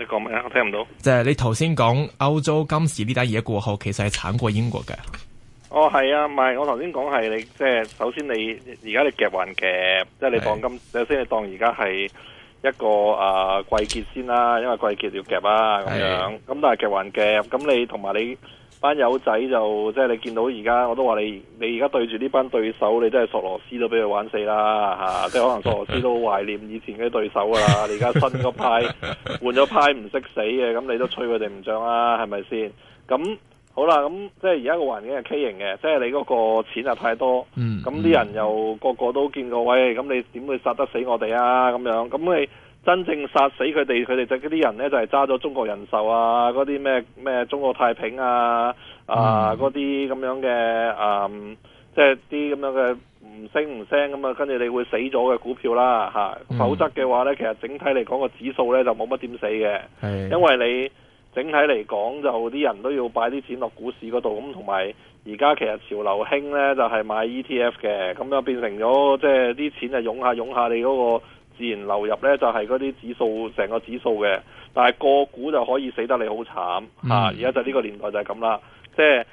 你講咩啊？我聽唔到。即係你頭先講歐洲今時呢單嘢過後，其實係慘過英國嘅。哦，係啊，唔係我頭先講係你，即係首先你而家你夾還夾，即係你當今首先你當而家係。一個啊季結先啦，因為季結要夾啦。咁樣咁但係夾還夾。咁你同埋你，你班友仔就即係你見到而家，我都話你你而家對住呢班對手，你真係索羅斯都俾佢玩死啦，吓，啊！即係可能索羅斯都好懷念以前嗰啲對手噶啦， 你而家新個派換咗派唔識死嘅，咁你都吹佢哋唔漲啦，係咪先？咁。好啦，咁即係而家個環境係畸形嘅，即係你嗰個錢啊太多，咁、嗯、啲人又個個都見到，喂、嗯，咁、哎、你點會殺得死我哋啊？咁樣，咁你真正殺死佢哋，佢哋就嗰、是、啲人咧就係揸咗中國人壽啊，嗰啲咩咩中國太平啊，嗯、啊，嗰啲咁樣嘅，即係啲咁樣嘅唔升唔升咁啊，跟住你會死咗嘅股票啦，吓、嗯啊，否則嘅話咧，其實整體嚟講個指數咧就冇乜點死嘅，係，因爲你。整體嚟講就啲人都要擺啲錢落股市嗰度，咁同埋而家其實潮流興呢，就係、是、買 ETF 嘅，咁就變成咗即係啲錢就湧下湧下，你嗰個自然流入呢，就係嗰啲指數成個指數嘅，但係個股就可以死得你好慘吓，而、嗯、家、啊、就呢個年代就係咁啦，即係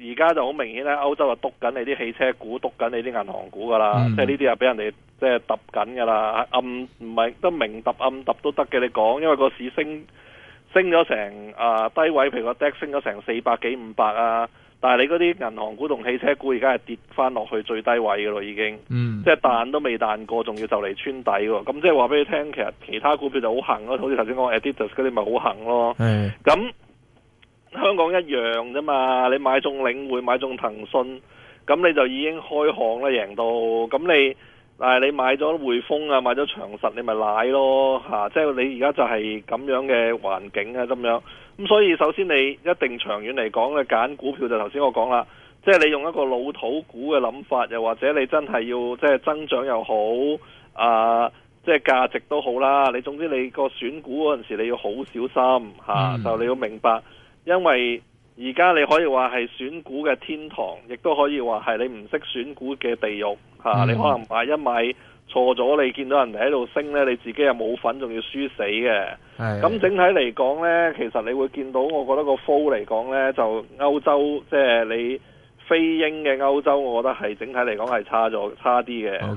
而家就好、是、明顯呢，歐洲啊督緊你啲汽車股，督緊你啲銀行股噶啦，即係呢啲啊俾人哋即係揼緊噶啦，暗唔係都明揼暗揼都得嘅，你講，因為個市升。.升咗成啊、呃、低位，譬如個 Dex 升咗成四百幾五百啊，但係你嗰啲銀行股同汽車股而家係跌翻落去最低位㗎咯，已經，嗯、mm.，即係彈都未彈過，仲要就嚟穿底喎、哦，咁即係話俾你聽，其實其他股票就好行，行咯，好似頭先講 Adidas 嗰啲咪好行咯，咁香港一樣啫嘛，你買中領匯買中騰訊，咁你就已經開行啦，贏到，咁你。但、啊、係你買咗匯豐啊，買咗長實，你咪瀨咯嚇、啊！即係你而家就係咁樣嘅環境啊咁樣。咁、啊、所以首先你一定長遠嚟講咧，你揀股票就頭先我講啦，即係你用一個老土股嘅諗法，又或者你真係要即係增長又好啊，即係價值都好啦。你總之你個選股嗰陣時，你要好小心嚇、啊嗯，就你要明白，因為而家你可以話係選股嘅天堂，亦都可以話係你唔識選股嘅地獄。吓、啊、你可能買一米錯咗，你見到人哋喺度升咧，你自己又冇份，仲要輸死嘅。咁整體嚟講呢，其實你會見到，我覺得個 f 嚟講呢，就歐洲即係、就是、你非英嘅歐洲，我覺得係整體嚟講係差咗差啲嘅。咁、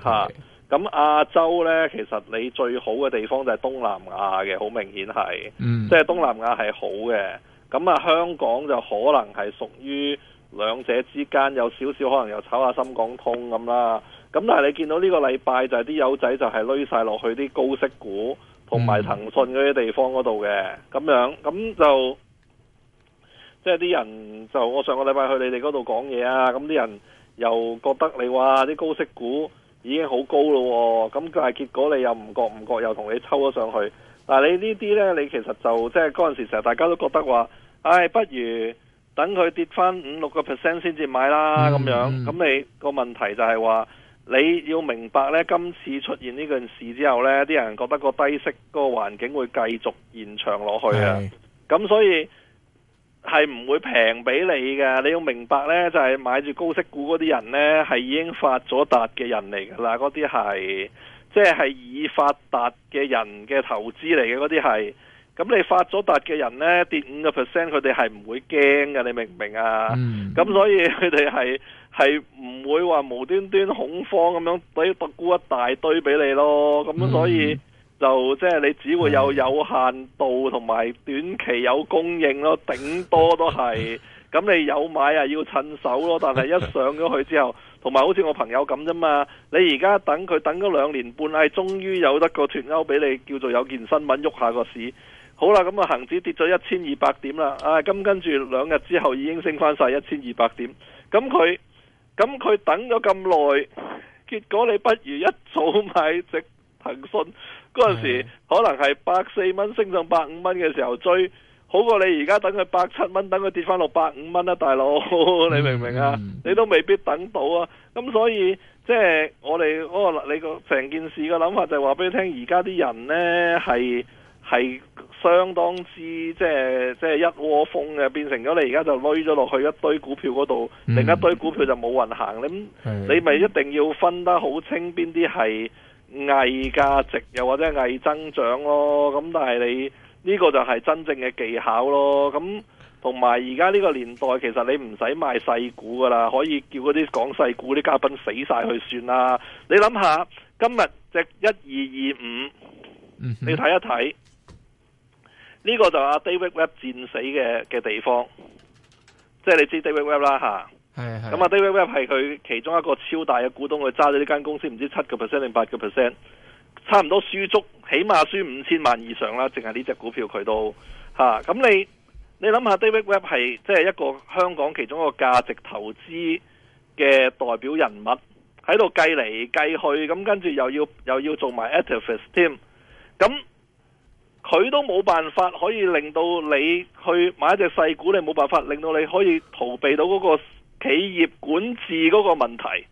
okay. 啊、亞洲呢，其實你最好嘅地方就係東南亞嘅，好明顯係、嗯。即係東南亞係好嘅，咁啊香港就可能係屬於兩者之間，有少少可能又炒下深港通咁啦。咁但係你見到呢個禮拜就係啲友仔就係攞晒落去啲高息股同埋騰訊嗰啲地方嗰度嘅咁樣，咁就即係啲人就我上個禮拜去你哋嗰度講嘢啊，咁啲人又覺得你話啲高息股已經好高咯，咁但係結果你又唔覺唔覺又同你抽咗上去。但係，你呢啲呢，你其實就即係嗰陣時成日大家都覺得話，唉，不如等佢跌翻五六個 percent 先至買啦咁，嗯，樣。咁你、個問題就係話，你要明白呢，今次出現呢件事之後呢，啲人覺得個低息個環境會繼續延長落去啊。咁所以係唔會平俾你嘅。你要明白呢，就係、是、買住高息股嗰啲人呢，係已經發咗達嘅人嚟噶啦。嗰啲係即係係已發達嘅人嘅投資嚟嘅。嗰啲係咁，你發咗達嘅人呢，跌五個 percent，佢哋係唔會驚嘅。你明唔明啊？咁、嗯、所以佢哋係。係唔會話無端端恐慌咁樣俾特沽一大堆俾你咯，咁、嗯、所以就即係、就是、你只會有有限度同埋短期有供應咯，頂多都係咁 你有買啊要趁手咯。但係一上咗去之後，同埋好似我朋友咁啫嘛，你而家等佢等咗兩年半，係終於有得個脫歐俾你，叫做有件新聞喐下個市，好啦，咁啊恆指跌咗一千二百點啦，啊咁跟住兩日之後已經升翻晒一千二百點，咁佢。咁佢等咗咁耐，結果你不如一早買隻騰訊嗰陣時，可能係百四蚊升上百五蚊嘅時候追，好過你而家等佢百七蚊，等佢跌翻落百五蚊啦，大佬，你明唔明啊？你都未必等到啊！咁所以即係、就是、我哋嗰個你個成件事嘅諗法就係話俾你聽，而家啲人呢係係。相當之即係即係一窩蜂嘅，變成咗你而家就攞咗落去一堆股票嗰度，嗯，另一堆股票就冇運行。咁你咪一定要分得好清邊啲係偽價值，又或者係偽增長咯。咁但係你呢個就係真正嘅技巧咯。咁同埋而家呢個年代，其實你唔使賣細股噶啦，可以叫嗰啲講細股啲嘉賓死晒去算啦。你諗下，今日隻一二二五，你睇一睇。呢、這個就阿 David Webb 戰死嘅嘅地方，即、就、係、是、你知 David Webb 啦、啊、吓，咁啊 David Webb 係佢其中一個超大嘅股東，佢揸咗呢間公司唔知七個 percent 定八個 percent，差唔多輸足，起碼輸五千萬以上啦，淨係呢隻股票佢都吓。咁、啊、你你諗下 David Webb 係即係一個香港其中一個價值投資嘅代表人物，喺度計嚟計去，咁跟住又要又要做埋 attractors 添，咁、啊。佢都冇辦法可以令到你去買一隻細股，你冇辦法令到你可以逃避到嗰個企業管治嗰個問題。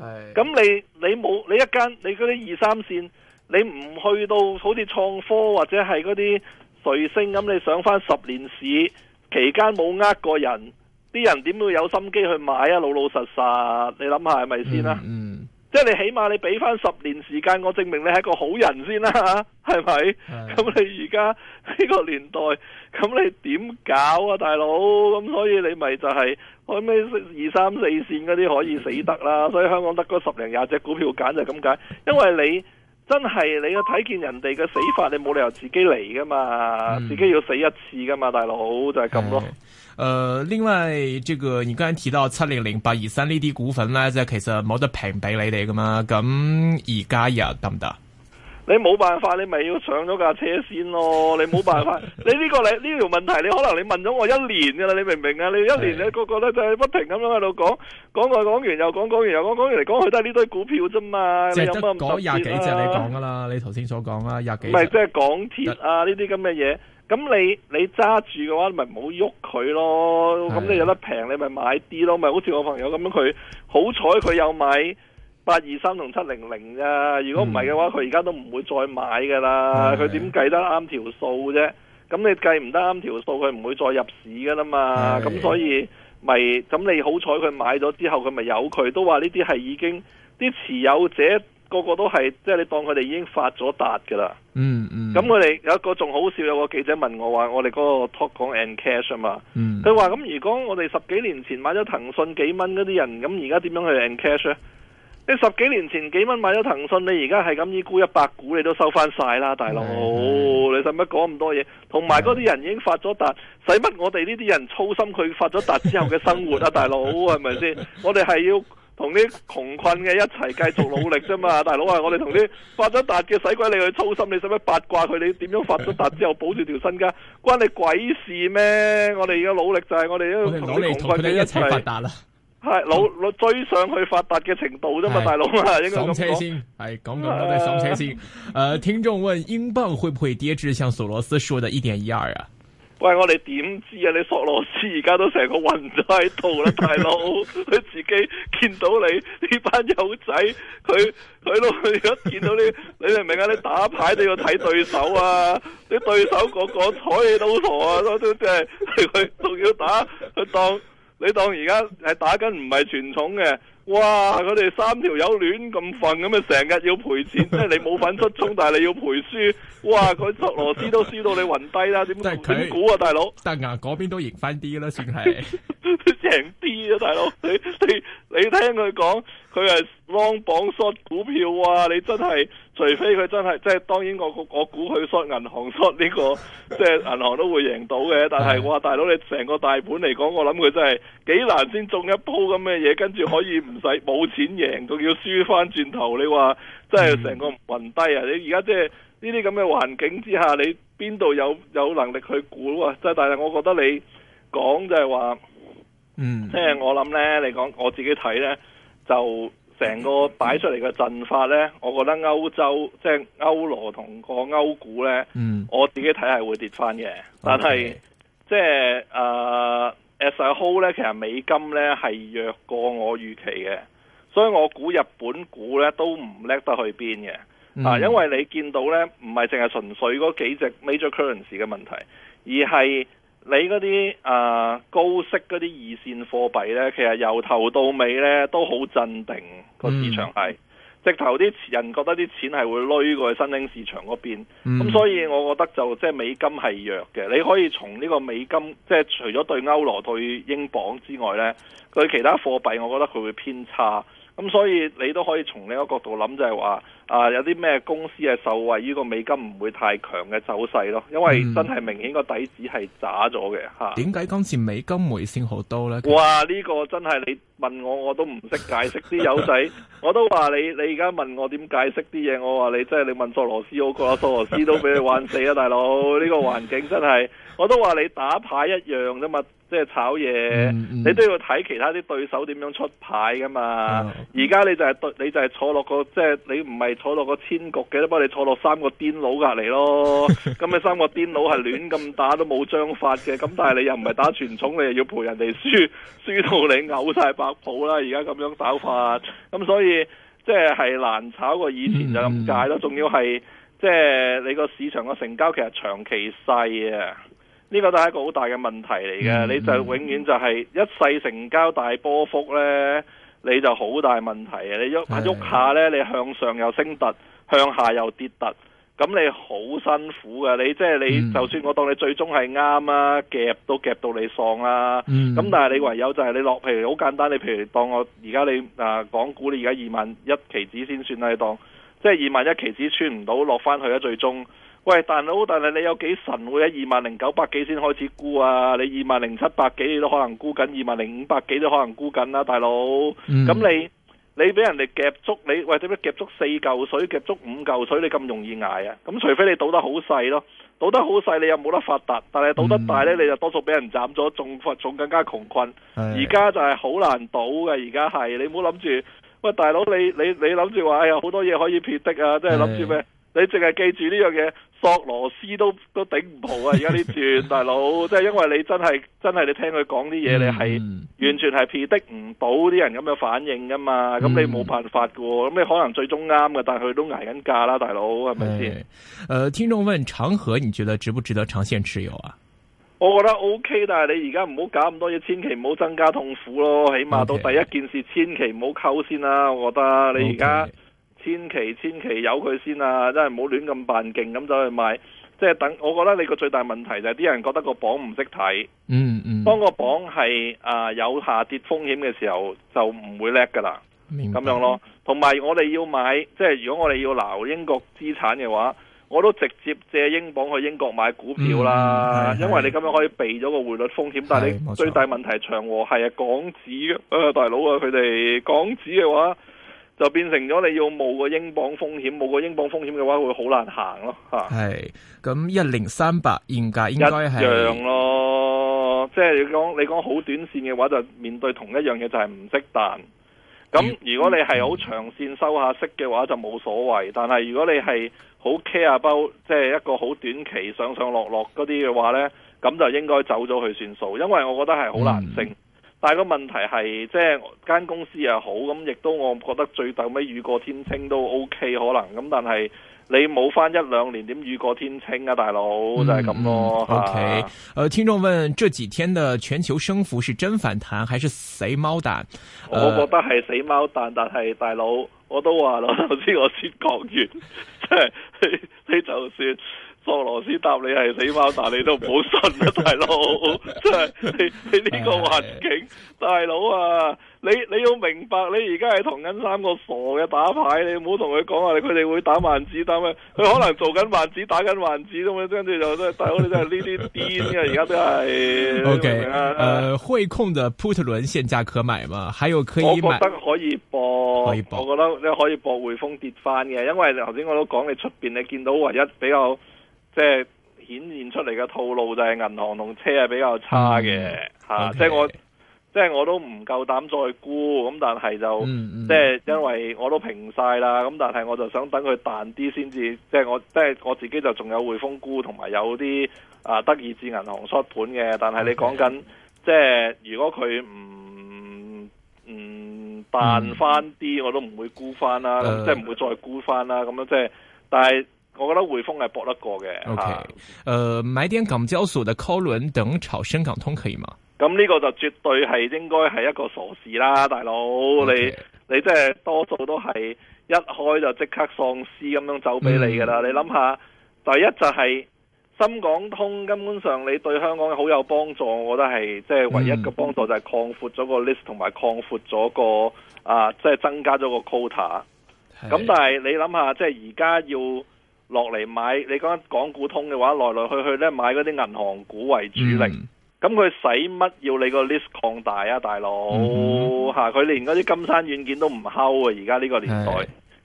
係。咁你你冇你一間你嗰啲二三線，你唔去到好似創科或者係嗰啲瑞聲咁，你上返十年市期間冇呃過人，啲人點會有心機去買啊？老老實實，你諗下係咪先啦？嗯嗯即係你起碼你俾翻十年時間我證明你係一個好人先啦、啊、吓，係咪？咁你而家呢個年代，咁你點搞啊大佬？咁所以你咪就係開咩二三四線嗰啲可以死得啦，所以香港得嗰十零廿隻股票揀就咁解，因為你。真係你要睇見，人哋嘅死法，你冇理由自己嚟噶嘛、嗯？自己要死一次噶嘛，大佬就係咁咯。誒、嗯呃，另外，這個你剛才提到七零零八二三呢啲股份呢，即係其實冇得平俾你哋噶嘛？咁而家又得唔得？你冇辦法，你咪要上咗架車先咯。你冇辦法，你呢、這個你呢條、這個、問題，你可能你問咗我一年噶啦。你明唔明啊？你一年咧個個咧都係不停咁樣喺度講，講我講完又講，講完又講，講完嚟講佢都係呢堆股票啫嘛。即係得講廿幾隻你講噶啦，你頭先所講啦，廿幾。唔係即係港鐵啊呢啲咁嘅嘢，咁你你揸住嘅話，咪唔好喐佢咯。咁你有得平，你咪買啲咯。咪好似我朋友咁樣，佢好彩佢有買。八二三同七零零啫，如果唔係嘅話，佢而家都唔會再買噶啦，佢點計得啱條數啫？咁你計唔得啱條數，佢唔會再入市噶啦嘛？咁所以咪咁你好彩，佢買咗之後，佢咪有佢都話呢啲係已經啲持有者個個都係，即係你當佢哋已經發咗達噶啦。嗯嗯。咁我哋有一個仲好笑，有個記者問我話，我哋嗰個 talk 講 and cash 啊、嗯、嘛。佢話咁，如果我哋十幾年前買咗騰訊幾蚊嗰啲人，咁而家點樣去 and cash 咧？你十幾年前幾蚊買咗騰訊，你而家係咁依沽一百股，你都收翻晒啦，大佬！你使乜講咁多嘢？同埋嗰啲人已經發咗達，使乜我哋呢啲人操心佢發咗達之後嘅生活啊，大佬係咪先？是是 我哋係要同啲窮困嘅一齊繼續努力啫嘛，大佬啊！我哋同啲發咗達嘅使鬼你去操心？你使乜八卦佢？你點樣發咗達之後保住條身家？關你鬼事咩？我哋而家努力就係我哋同啲窮困嘅一齊發達啦。係老老追上去發達嘅程度啫嘛，嗯，大佬啊，應該咁講。上車先，係講講得上車先。誒，聽眾問英鎊會唔會跌至像索羅斯說嘅一點一二啊？喂，我哋點知啊？你索羅斯而家都成個暈咗喺度啦，大佬。佢 自己見到你呢班友仔，佢佢咯，如果見到你，你明唔明啊？你打牌都要睇對手啊，啲 對手個個睬你都傻啊， 都即係佢仲要打佢當。你當而家係打緊唔係全重嘅，哇！佢哋三條友亂咁瞓，咁啊成日要賠錢， 即係你冇份出衝， 但係你要賠輸，哇！佢索羅斯都輸到你暈低啦，點解？點估啊，大佬？但牙嗰邊都贏翻啲啦，算係贏啲啊，大佬！你你你聽佢講，佢係。long bond short 股票啊！你真係，除非佢真係，即係當然我我我估佢 short 銀行 short 呢個，即係銀行都會贏到嘅。但係我話大佬，你成個大盤嚟講，我諗佢真係幾難先中一鋪咁嘅嘢，跟住可以唔使冇錢贏，仲要輸翻轉頭。你話真係成個暈低啊！你而家即係呢啲咁嘅環境之下，你邊度有有能力去估啊？即係，但係我覺得你講就係話，嗯，嗯，即係我諗咧，你講我自己睇咧就。成個擺出嚟嘅陣法呢，我覺得歐洲即係歐羅同個歐股呢，嗯、我自己睇係會跌翻嘅。但係、okay. 即係、uh, as a whole 其實美金呢係弱過我預期嘅，所以我估日本股呢都唔叻得去邊嘅、嗯。啊，因為你見到呢，唔係淨係純粹嗰幾隻 major currencies 嘅問題，而係。你嗰啲啊高息嗰啲二線貨幣呢，其實由頭到尾呢都好鎮定個、嗯、市場是。係直頭啲人覺得啲錢係會攞過去新興市場嗰邊，咁、嗯、所以我覺得就即係、就是、美金係弱嘅。你可以從呢個美金即係、就是、除咗對歐羅對英鎊之外呢，對其他貨幣我覺得佢會偏差。咁所以你都可以從呢個角度諗，就係話。啊！有啲咩公司係受惠於個美金唔會太強嘅走勢咯，因為真係明顯個底子係渣咗嘅吓。點解今次美金回升好多呢？哇！呢個真係你問我我都唔識解釋。啲友仔我都話你，你而家問我點解釋啲嘢，我話你真係、即係、你問索羅斯，我覺得索羅斯都俾你玩死啊！大佬，呢個環境真係，我都話你打牌一樣啫嘛。即、就、係、是、炒嘢、嗯嗯，你都要睇其他啲對手點樣出牌㗎嘛。而、嗯、家你就係你就係坐落個即係、就是、你唔係坐落個千局嘅，幫你坐落三個癲佬隔離咯。咁 你三個癲佬係亂咁打都冇章法嘅。咁但係你又唔係打全統你又要陪人哋輸，輸到你嘔晒白泡啦。而家咁樣打法，咁所以即係係難炒過以前就咁解咯。仲、嗯、要係即係你個市場個成交其實長期細啊。呢、這個都係一個好大嘅問題嚟嘅，嗯，你就永遠就係一世成交大波幅呢，你就好大問題。你喐下喐下呢，你向上又升突，向下又跌突，咁你好辛苦嘅。你即係、就是、你，就算我當你最終係啱啊，夾、嗯、都夾到你喪啊。咁、嗯、但係你唯有就係你落，譬如好簡單，你譬如當我而家你啊講股，你而家二萬一期指先算啦，你當即係、就是、二萬一期指穿唔到落翻去咧，最終。喂，大佬，但係你有幾神會喺二萬零九百幾先開始沽啊？你二萬零七百幾你都可能沽緊，二萬零五百幾都可能沽緊啦，大佬。咁、嗯、你你俾人哋夾足你，喂點樣夾足四嚿水，夾足五嚿水，你咁容易捱啊？咁除非你賭得好細咯，賭得好細你又冇得發達，但係賭得大呢，你就多數俾人斬咗，仲發仲更加窮困。而家就係好難賭嘅，而家係你唔好諗住。喂，大佬，你你諗住話哎呀好多嘢可以撇的啊，即係諗住咩？你淨係記住呢樣嘢，索羅斯都都頂唔好啊！而家呢段大佬，即係因為你真係真係你聽佢講啲嘢，你 係、嗯、完全係 predict 唔到啲人咁嘅反應噶嘛？咁、嗯、你冇辦法噶，咁你可能最終啱嘅，但係佢都捱緊價啦，大佬係咪先？誒、嗯呃，聽眾問長和，你覺得值唔值得長線持有啊？我覺得 OK，但係你而家唔好搞咁多嘢，千祈唔好增加痛苦咯。起碼到第一件事，okay. 千祈唔好溝先啦，啊。我覺得你而家。Okay。千祈千祈有佢先啊！真係唔好亂咁扮勁咁走去買，即係等。我覺得你個最大問題就係啲人覺得個榜唔識睇。嗯嗯，當個榜係、呃、有下跌風險嘅時候，就唔會叻噶啦。明白，咁樣咯。同、嗯、埋我哋要買，即係如果我哋要留英國資產嘅話，我都直接借英鎊去英國買股票啦。嗯、因為你咁樣可以避咗個匯率風險。但係你最大問題長和係啊港紙啊、哎、大佬啊佢哋港紙嘅話。就變成咗你要冒個英鎊風險，冇個英鎊風險嘅話會，會好難行咯嚇。係，咁一零三八現價應該係一樣咯。即係你講你講好短線嘅話，就面對同一樣嘢就係唔識彈。咁如果你係好長線收下息嘅話，就冇所謂。嗯、但係如果你係好 care 包，即係一個好短期上上落落嗰啲嘅話呢，咁就應該走咗去算數，因為我覺得係好難升。嗯但係個問題係，即係間公司又好，咁亦都我覺得最逗尾雨過天青都 O、OK、K 可能，咁但係你冇返一兩年點雨過天青啊，大佬、嗯、就係咁咯。O K，誒，聽眾問：這幾天的全球升幅是真反彈還是死貓彈？呃、我覺得係死貓彈，但係大佬我都話喇，頭先我先講完，即 係你就算。索羅斯答你係死貓，但你都唔好信啊， 大佬！真係你你呢個環境，哎哎哎大佬啊，你你要明白，你而家係同緊三個傻嘅打牌，你唔好同佢講話，佢哋會打萬子，但係佢可能做緊萬子，打緊萬子咁樣，跟住就真係，大佬你真係呢啲癲啊！而家真係。O.K.，呃，匯控嘅 put 輪現價可買嘛？還有可以。我覺得可以搏。我覺得你可以搏匯豐跌翻嘅，因為頭先我都講你出邊你見到唯一比較。即、就、係、是、顯現出嚟嘅套路就係銀行同車係比較差嘅嚇，即、嗯、係、啊 okay. 我即係、就是、我都唔夠膽再沽，咁但係就即係、嗯嗯就是、因為我都平晒啦，咁、嗯、但係我就想等佢彈啲先至，即、就、係、是、我即係、就是、我自己就仲有匯豐沽同埋有啲啊德意志銀行出盤嘅，但係你講緊即係如果佢唔唔彈翻啲，我都唔會沽翻啦，即係唔會再沽翻啦，咁樣即係但係。我覺得匯豐係搏得過嘅。OK，誒、呃，買啲港交所嘅窩輪等炒深港通可以嗎？咁、這、呢個就絕對係應該係一個傻事啦，大佬。Okay. 你你即係多數都係一開就即刻喪屍咁樣走俾你噶啦、嗯。你諗下，第一就係、是、深港通根本上你對香港好有幫助，我覺得係即係唯一嘅幫助就係擴闊咗個 list 同、嗯、埋擴闊咗個啊，即、呃、係、就是、增加咗個 quota。咁但係你諗下，即係而家要。落嚟買，你講港股通嘅話，來來去去咧買嗰啲銀行股為主力，咁佢使乜要你個 list 擴大啊？大佬嚇！佢、mm -hmm. 連嗰啲金山軟件都唔敲啊，而家呢個年代，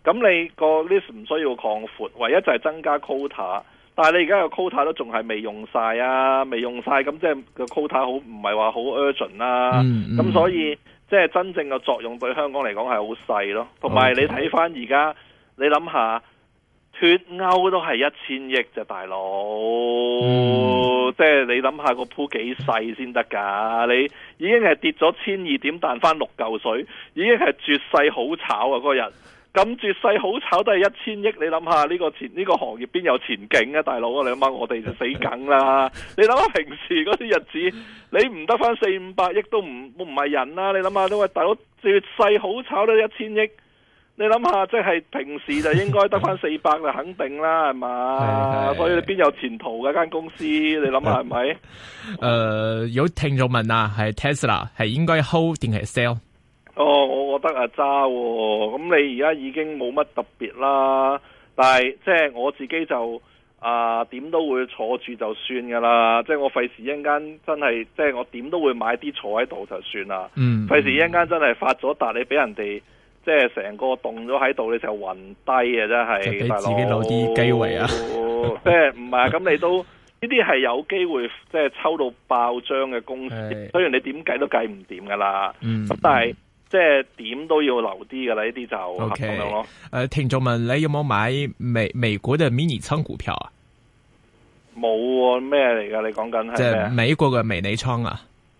咁、mm -hmm. 你個 list 唔需要擴闊，唯一就係增加 quota。但係你而家個 quota 都仲係未用晒啊，未用晒。咁即係個 quota 好唔係話好 urgent 啦、啊。咁、mm -hmm. 所以即係、就是、真正嘅作用對香港嚟講係好細咯。同埋你睇返而家，okay. 你諗下。脱歐都係一千億啫，大佬、嗯，即係你諗下個鋪幾細先得噶？你已經係跌咗千二點，彈翻六嚿水，已經係絕世好炒啊！嗰日咁絕世好炒都係一千億，你諗下呢個前呢個行業邊有前景啊？大佬，你諗下我哋就死梗啦！ 你諗下平時嗰啲日子，你唔得翻四五百億都唔唔係人啦、啊！你諗下，都喂大佬絕世好炒都一千億。你諗下，即係平時就應該得返四百啦，肯定啦，係 嘛？所以邊有前途嘅間公司？你諗下係咪？誒，有、呃、聽眾問啊，係 Tesla 係應該 hold 定係 sell？哦，我覺得啊，渣啊，咁你而家已經冇乜特別啦。但係即係我自己就啊，點、呃、都會坐住就算噶啦。即、就、係、是、我費事一陣間真係，即、就、係、是、我點都會買啲坐喺度就算啦。嗯，費事一陣間真係發咗達，你俾人哋。即係成個凍咗喺度，你就暈低嘅真係，自己留啲機會啊！ 即係唔係咁你都呢啲係有機會，即係抽到爆漲嘅公司， 雖然你點計都計唔掂噶啦。咁、嗯嗯、但係即係點都要留啲噶啦，呢啲就咁、okay, 樣咯。誒、呃，聽眾問，你有冇買美美國嘅迷你倉股票啊？冇咩嚟噶？你講緊係美國嘅迷你倉啊？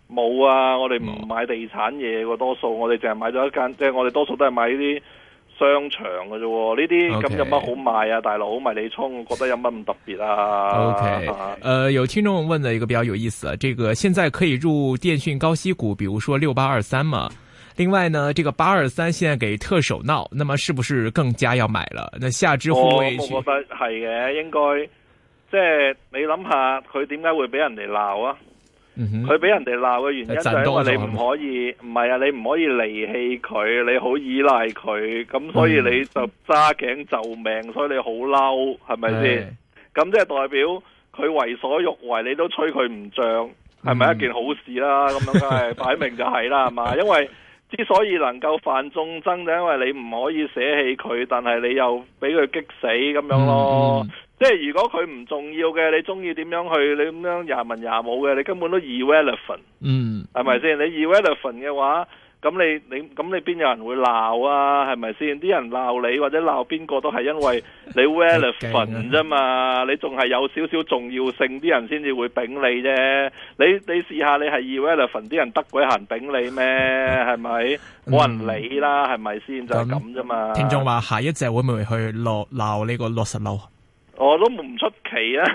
冇啊！我哋唔買地產嘢嘅，多數我哋淨係買咗一間，即、就、係、是、我哋多數都係買呢啲商場嘅啫。呢啲咁有乜好賣啊，大佬？迷你倉，覺得有乜咁特別啊？OK，誒、啊呃，有聽眾問嘅一個比較有意思，呢、這個現在可以入電訊高息股，比如說六八二三嘛。另外呢，這個八二三現在畀特首鬧，那麼是不是更加要買了？那下支會、哦、我覺得係嘅，應該。即係你諗下，佢點解會畀人哋鬧啊？佢、嗯、俾人哋鬧嘅原因就係因為你唔可以，唔係啊，你唔可以離棄佢，你好依賴佢，咁、嗯、所以你就揸頸就命，所以你好嬲，係咪先？咁、嗯、即係代表佢為所欲為，你都吹佢唔漲，係咪、嗯、一件好事啦？咁樣梗係擺明就係、是、啦，係嘛？ 因為之所以能夠犯眾憎，就因為你唔可以捨棄佢，但係你又俾佢激死咁、嗯、樣咯。即係如果佢唔重要嘅，你中意點樣去你咁樣廿文廿武嘅，你根本都 irrelevant，嗯，係咪先？你 irrelevant 嘅話，咁你你咁你邊有人會鬧啊？係咪先？啲人鬧你或者鬧邊個都係因為你 relevant 啫嘛， 你仲係有少少重要性，啲人先至會炳你啫。你你試下你係 irrelevant，啲人得鬼閒炳你咩？係咪？冇、嗯、人理啦，係咪先？就係咁啫嘛。聽眾話下一隻會唔會去落鬧呢個落實樓？我、哦、都唔出奇啊，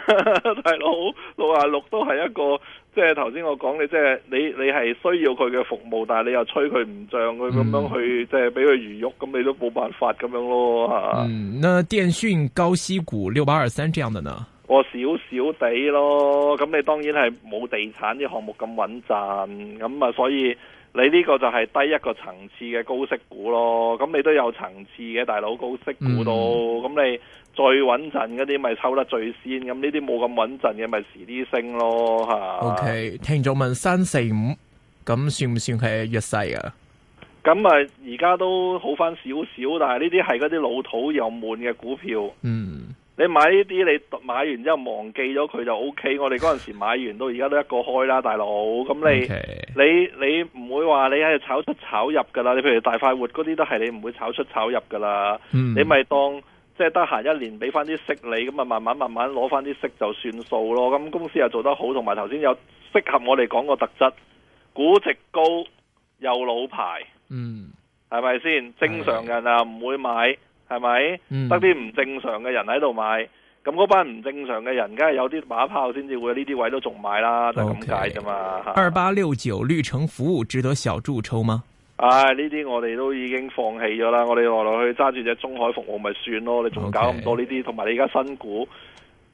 大佬六廿六都係一個，即係頭先我講你即係你你係需要佢嘅服務，但係你又催佢唔漲，佢、嗯、咁樣去即係俾佢魚肉，咁你都冇辦法咁樣咯吓。嗯，那電訊高息股六八二三這樣的呢？我少少地咯，咁你當然係冇地產啲項目咁穩陣，咁啊所以你呢個就係低一個層次嘅高息股咯，咁你都有層次嘅大佬高息股都，咁、嗯、你。嗯最穩陣嗰啲咪抽得最先，咁呢啲冇咁穩陣嘅咪遲啲升咯嚇。O、okay, K，聽眾問三四五咁算唔算係弱勢啊？咁啊，而家都好翻少少，但係呢啲係嗰啲老土又悶嘅股票。嗯，你買呢啲你買完之後忘記咗佢就 O K。我哋嗰陣時買完到而家都一個開啦，大佬。咁你、okay. 你你唔會話你喺度炒出炒入噶啦？你譬如大快活嗰啲都係你唔會炒出炒入噶啦，嗯。你咪當。即係得閒一年俾翻啲息你，咁啊慢慢慢慢攞翻啲息就算數咯。咁公司又做得好，同埋頭先有適合我哋講個特質，估值高又老牌，嗯，係咪先？正常人啊唔會買，係、嗯、咪？得啲唔正常嘅人喺度買，咁嗰班唔正常嘅人，梗係有啲把炮先至會喺呢啲位都仲買啦，okay, 就係咁解噶嘛。二八六九綠城服務值得小注抽嗎？唉、哎，呢啲我哋都已經放棄咗啦，我哋落落去揸住隻中海服務咪算咯，你仲搞咁多呢啲，同、okay. 埋你而家新股，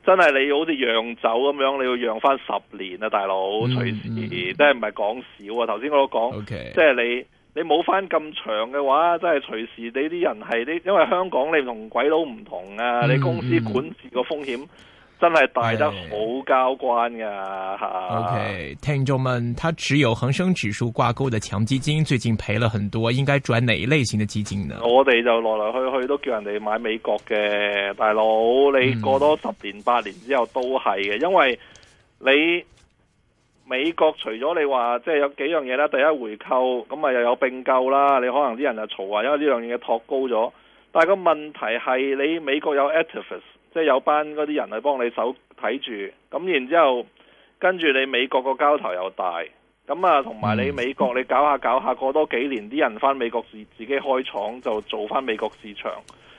真係你好似讓走咁樣，你要讓翻十年啊，大佬，隨時、mm -hmm. 真是是 okay. 即係唔係講少啊，頭先我都講，即係你你冇翻咁長嘅話，即係隨時你啲人係因為香港你同鬼佬唔同啊，mm -hmm. 你公司管治個風險。真係大得好交關噶，哈、hey！OK，聽眾問，他持有恒生指數掛鈎的強基金，最近賠了很多，應該轉哪一類型的基金呢？我哋就來來去去都叫人哋買美國嘅大佬，你過多十年八年之後都係嘅，因為你美國除咗你話即係有幾樣嘢啦，第一回購咁啊，又有併購啦，你可能啲人就嘈啊，因為呢樣嘢托高咗，但係個問題係你美國有 activists 即係有班嗰啲人去幫你手睇住，咁然之後跟住你美國個交投又大，咁啊同埋你美國你搞下搞下過多幾年啲人翻美國自己自己開廠就做翻美國市場，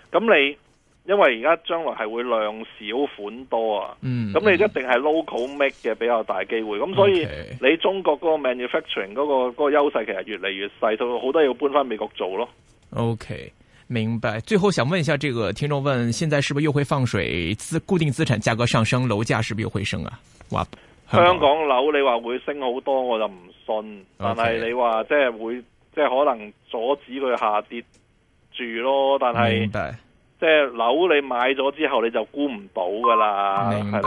咁你因為而家將來係會量少款多啊，咁你一定係 local make 嘅比較大機會，咁所以你中國嗰個 manufacturing 嗰個嗰個優勢其實越嚟越細，到好多要搬翻美國做咯。OK。明白。最後想問一下，這個聽眾問，現在是不是又會放水資固定資產價格上升，樓價是不是又會升啊？哇！香港樓你話會升好多，我就唔信。Okay. 但係你話即係會，即係可能阻止佢下跌住咯。但係即係樓你買咗之後，你就估唔到噶啦。明白。